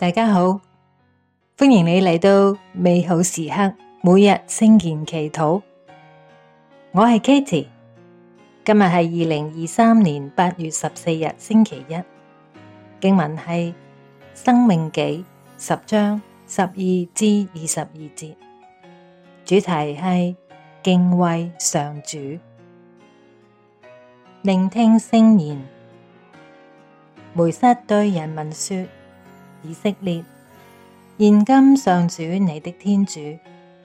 大家好，歡迎你嚟到美好時刻，每日聖言祈禱。我係 Katy，今日係二零二三年八月十四日星期一。經文係《申命紀》十章十二至二十二節，主題係敬畏上主，聆聽聖言。梅瑟對人民說。以色列，現今上主你的天主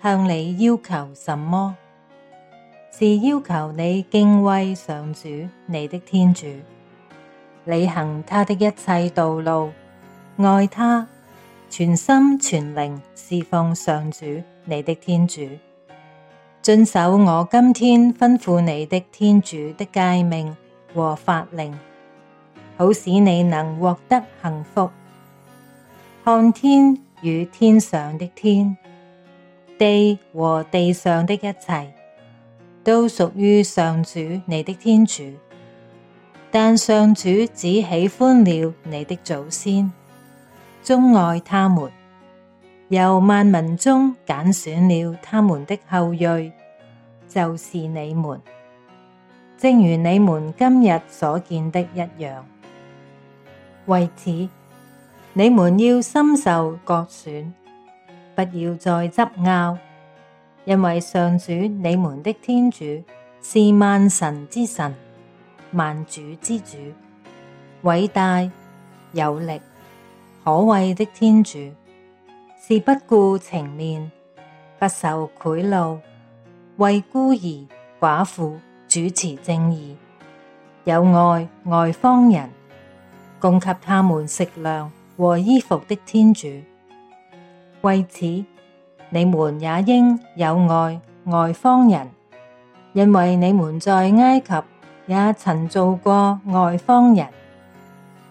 向你要求什麼？是要求你敬畏上主你的天主，履行他的一切道路，愛他，全心全靈事奉上主你的天主，遵守我今天吩咐你的天主的誡命和法令，好使你能獲得幸福。看天與天上的天，地和地上的一切，都屬於上主你的天主；但上主只喜歡了你的祖先，鍾愛他們，由萬民中揀選了他們的後裔，就是你們，正如你們今日所見的一樣。為此。你們要心受割損，不要再執拗，因為上主你們的天主是萬神之神、萬主之主，偉大有力、可畏的天主，是不顧情面、不受賄賂，為孤兒寡婦主持正義，友愛外方人，供給他們食糧，和衣服的天主。為此，你們也應友愛外、外方人，因為你們在埃及也曾做過外方人。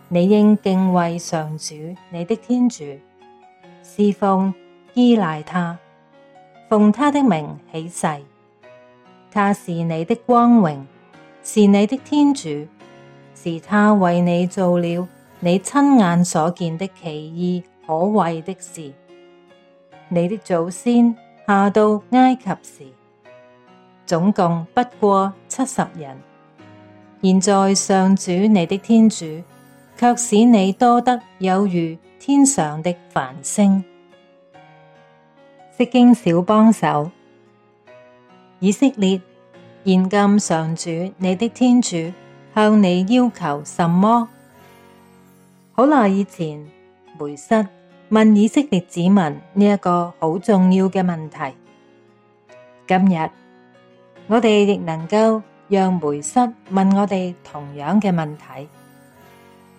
你應敬畏上主你的天主，事奉依賴他，奉他的名起誓。他是你的光榮，是你的天主，是他為你做了。你親眼所見的奇異可畏的事，你的祖先下到埃及時，總共不過七十人，現在上主你的天主卻使你多得有如天上的繁星。釋經小幫手，以色列，現今上主你的天主向你要求什麼？好耐以前，梅瑟問以色列子民呢一個好重要嘅問題。今日我哋亦能夠讓梅瑟問我哋同樣嘅問題，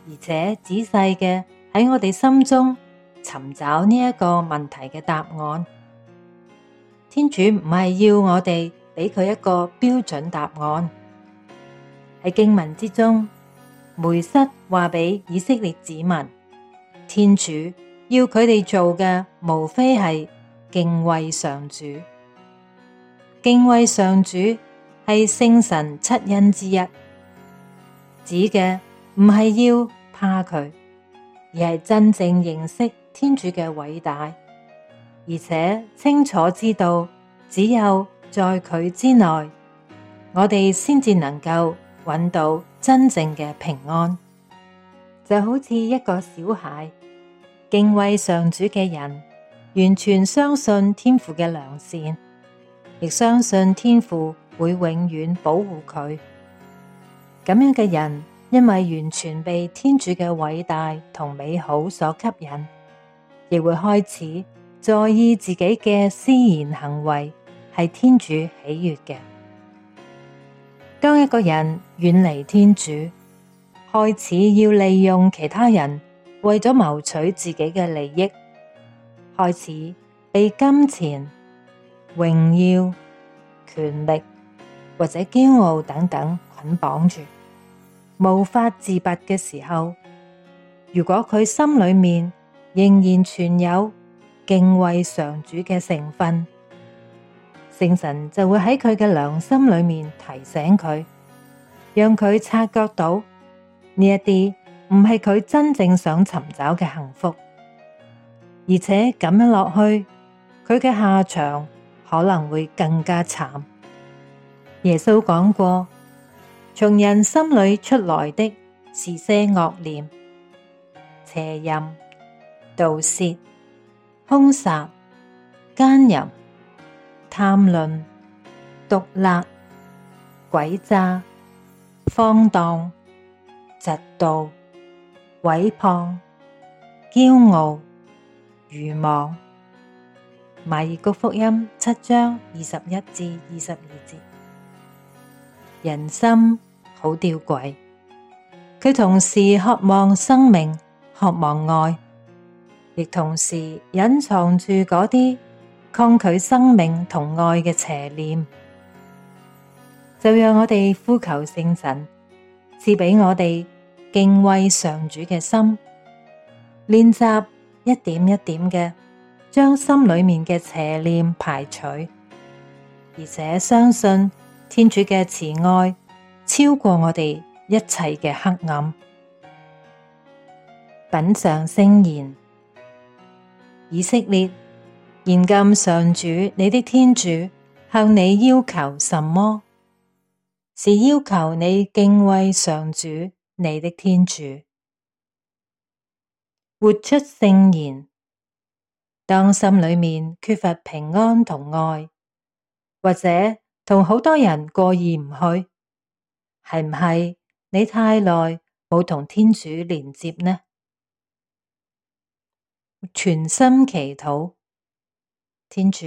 而且仔細嘅喺我哋心中尋找呢一個問題嘅答案。天主唔係要我哋俾佢一個標準答案，喺經文之中。梅瑟話俾以色列子民，天主要佢哋做嘅，無非係敬畏上主。敬畏上主係聖神七恩之一，指嘅唔係要怕佢，而係真正認識天主嘅偉大，而且清楚知道只有在佢之內，我哋先至能夠搵到真正嘅平安，就好似一個小孩敬畏上主嘅人，完全相信天父嘅良善，亦相信天父會永遠保護佢。咁樣嘅人，因為完全被天主嘅偉大同美好所吸引，亦會開始在意自己嘅思言行為，係天主喜悅嘅。當一個人遠離天主，開始要利用其他人為咗謀取自己嘅利益，開始被金錢、榮耀、權力或者驕傲等等捆綁住，無法自拔嘅時候，如果佢心裏面仍然存有敬畏上主嘅成分，聖神就會喺佢嘅良心裏面提醒佢，讓佢察覺到呢一啲唔係佢真正想尋找嘅幸福，而且咁樣落去，佢嘅下場可能會更加慘。耶穌講過，從人心裏出來的是些惡念、邪淫、盜竊、兇殺、奸淫。貪吝、毒辣、詭詐、放蕩、嫉妒、毀謗、驕傲、愚妄。馬爾谷福音七章二十一至二十二節，人心好弔詭，佢同時渴望生命，渴望愛，亦同時隱藏住嗰啲。抗拒生命同愛嘅邪念，就讓我哋呼求聖神賜俾我哋敬畏上主嘅心，練習一點一點嘅將心裏面嘅邪念排除，而且相信天主嘅慈愛超過我哋一切嘅黑暗。品嘗聖言，以色列。現今上主你的天主向你要求什麼？是要求你敬畏上主你的天主，活出聖言。當心裏面缺乏平安同愛，或者同好多人過意唔去，係唔係你太耐冇同天主連接呢？全心祈禱。天主，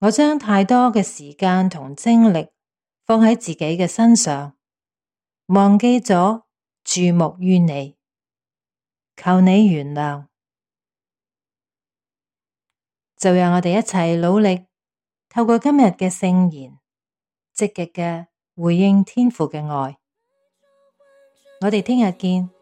我將太多嘅時間同精力放喺自己嘅身上，忘記咗注目於你，求你原諒。就讓我哋一齊努力，透過今日嘅聖言，積極嘅回應天父嘅愛。我哋聽日見。